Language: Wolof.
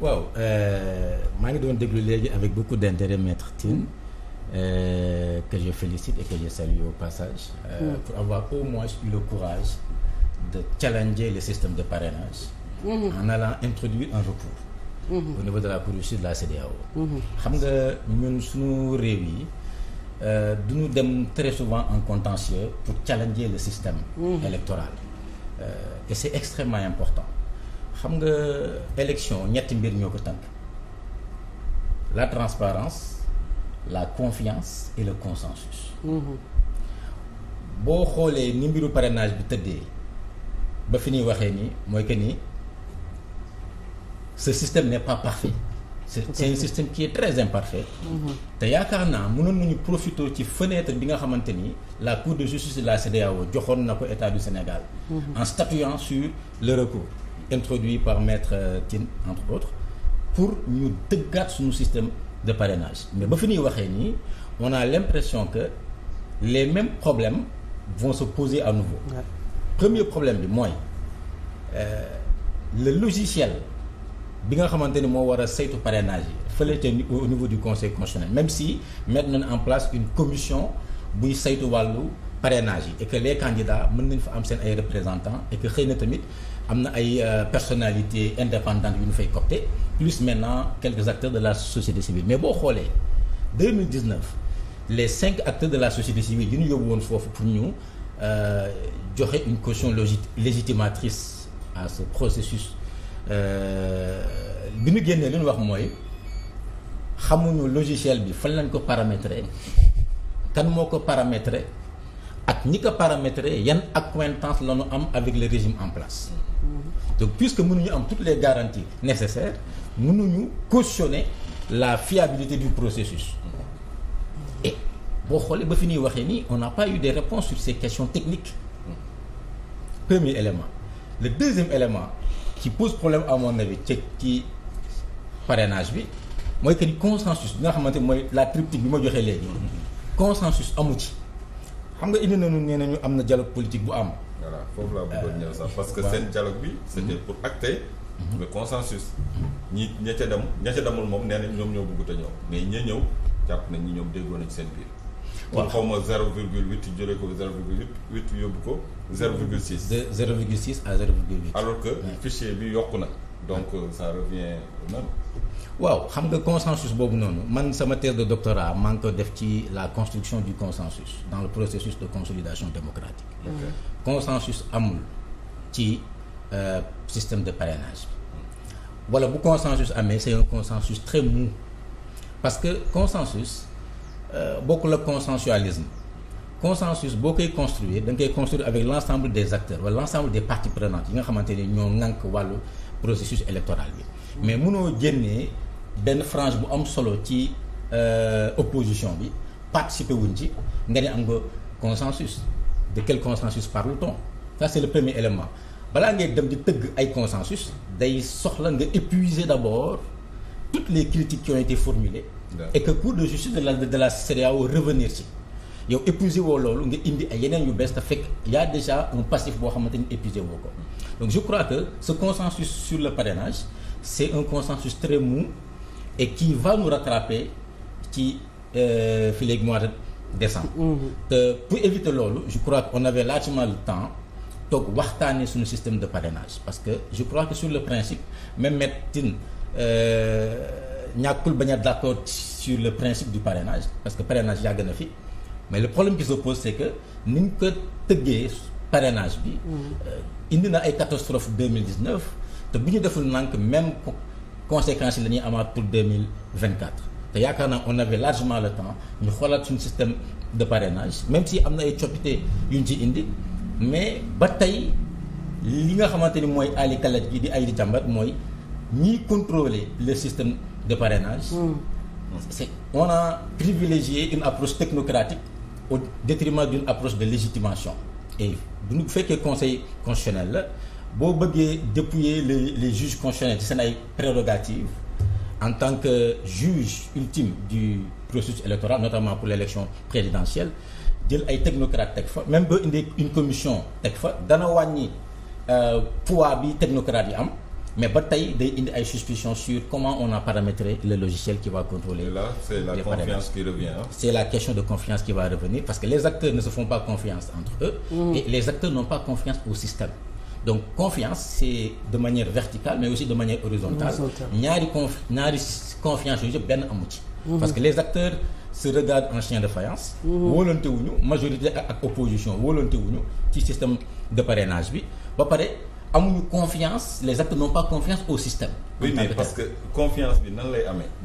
waaw euh, maa ngi doon déglu léegi avec beaucoup d'intérêt maître Tine euh, que je félicite et que je salue au passage. Euh, mm. pour avoir au moins eu le courage de challenger le système de parrainage. Mm. en allant introduire un recours. Mm-hmm. au niveau de la Cour de justice de la CEDEAO. Mm-hmm. xam nga ñun suñu réew yi. Euh, du ñu dem très souvent en contentieux pour challenger le système. électoral. et c'est extrêmement important. xam nga élection ñetti mbir ñoo ko tënk la transparence la confiance et le consensus. Mhm. boo xoolee ni mbiru parenage bi tëddee ba fi ñuy waxee nii mooy que ni ce système n'est pas parfait. c'est c'est un système qui est très imparfait. Mhm. te yaakaar naa mënoon nañu profité ci fenêtre bi nga xamante ni la cour de justice la CEDEAO joxoon na ko état du Sénégal. Mhm. en statuant sur le recours. introduit par maître euh, Tine entre autres pour ñu dëggaat suñu système de parrainage mais ba fi ñuy waxee nii on a l'impression que les mêmes problèmes vont se poser à nouveau ouais. premier problème bi mooy euh, le bi nga xamante ni moo war a saytu parrainage yi fële ca au niveau du conseil constitutionnel même si mettre na en place une commission buy saytu wàllu parrainage yi et que les mën nañ fa am seen ay représentant et xëy na tamit am na ay euh, personnalités indépendantes yu ñu fay copté plus maintenant quelques acteurs de la société civile mais boo xoolee 2019 les cinq acteurs de la société civile yi ñu yóbbu woon foofu pour ñu euh, joxe une caution logi légitimatrice à ce processus euh, bi ñu génnee li ñu wax mooy xamuñu logiciel bi fan lañ ko paramétrer kan moo ko paramétrer ak ñi ko paramétrer yan accointance la nu am avec le régime en place donc puisque mënuñu am toutes les garanties nécessaires ñu cautionner la fiabilité du processus et boo xoolee ba fi ñuy waxee nii on n'a pas eu des réponses sur ces questions techniques premier élément le deuxième élément ci pose problème amoon na avis ci ci parenage bi mooy que ni consensus bi nga xamante mooy la triptique bi ma joxee léegi consensus amu ci xam nga indi na nañu nee nañu am na dialogue politique bu am. voilà foofu laa bëggoon euh, ñëw sax parce que seen dialogue bi. c'était mhm. pour acter mhm. le consensus. ñi ña dem ña ca demul moom nee nañ ñoom ñëw bëggut a ñëw mais ña ñëw jàpp nañ ñi ñoom déggoo nañ seen biir. waaw xaw ma 0 virgule 8 jëlee ko 0 virgule 8 yóbbu ko 0 virgule 6. de 0 virgule 6 alors que fichier bi yokku na donc euh, ça revient au même. waaw xam nga consensus boobu noonu man sama thèse de doctorat maa ngi ko def ci la construction du consensus dans le processus de consolidation démocratique okay. consensus amul ci euh, système de parrainage wala voilà, bu consensus amee c'est un consensus très mou parce que consensus euh, bokkul euh, ak consensualisme consensus boo koy construire da nga koy construire avec l'ensemble des acteurs wala l'ensemble des parties prenantes yi nga xamante ni ñoo ŋànk wàllu processus électoral bi mm. benn frange bu am solo ci euh, opposition bi participer wuñ ci nga ne am nga consensus de quel consensus parle-t-on ça c'est le premier élément balaa ngay dem di tëgg ay consensus day soxla nga épuiser d'abord toutes les critiques qui ont été formulées et que Cour de justice de la de la CEDEAO revenir ci yow épuisé woo loolu nga indi ay yeneen yu bees te fekk y a déjà un passif boo xamante ni épuisé woo ko donc je crois que ce consensus sur le parrainage c'est un consensus très mou et qui va nous rattraper ci euh, fii léegi mois de décembre. Mmh. te pour éviter loolu je crois qu'on avait largement le temps toog waxtaanee suñu système de parrainage parce que je crois que sur le principe même Maître Tine euh, ñàkkul bañ a d'accord sur le principe du parrainage parce que parrainage yàgg na fi mais le problème qui se pose c'est que ni ñu ko tëggee parrainage bi. Mmh. Euh, indi na ay catastrophe 2019 te bu ñu deful nank même. conséquence yi la ñuy amaat pour deux mille vingt quatre te yaakaar naa on avait largement le temps ñu xoolaat suñu système de parrainage même si am na ay coppite yu ñu ci indi mais ba tey li nga xamante ni mooy aali kalat gi di ay di jàmbat mooy ñiy contrôler le système de parrainage. Hmm. c'est on a privilégié une approche technocratique au détriment d'une approche de légitimation et bu fekkee conseil constitutionnel la. boo bëggee dépouiller les les juges constitutionnels ci seen ay prérogatives en tant que juge ultime du processus électoral notamment pour l'élection présidentielle jël ay technocrates teg fa même boo une commission teg fa dana wàññi euh, poids bi technocrates am mais ba tey ay suspicions sur comment on a paramétré le logiciel qui va contrôler. Et là c'est la question de confiance qui va revenir parce que les acteurs ne se font pas confiance entre eux. Mmh. et les acteurs donc confiance c'est de manière verticale mais aussi de manière horizontale ñaari conf ñaari confiance yooyu yëpp benn amu ci mhm. parce que les acteurs se regardent en chien de faïence mhm. wóolante wuñu majorité ak opposition wóolante wuñu ci système de parrainage bi ba pare amuñu confiance les acteurs n'ont pas confiance au système oui parce que confiance bi nan lay amee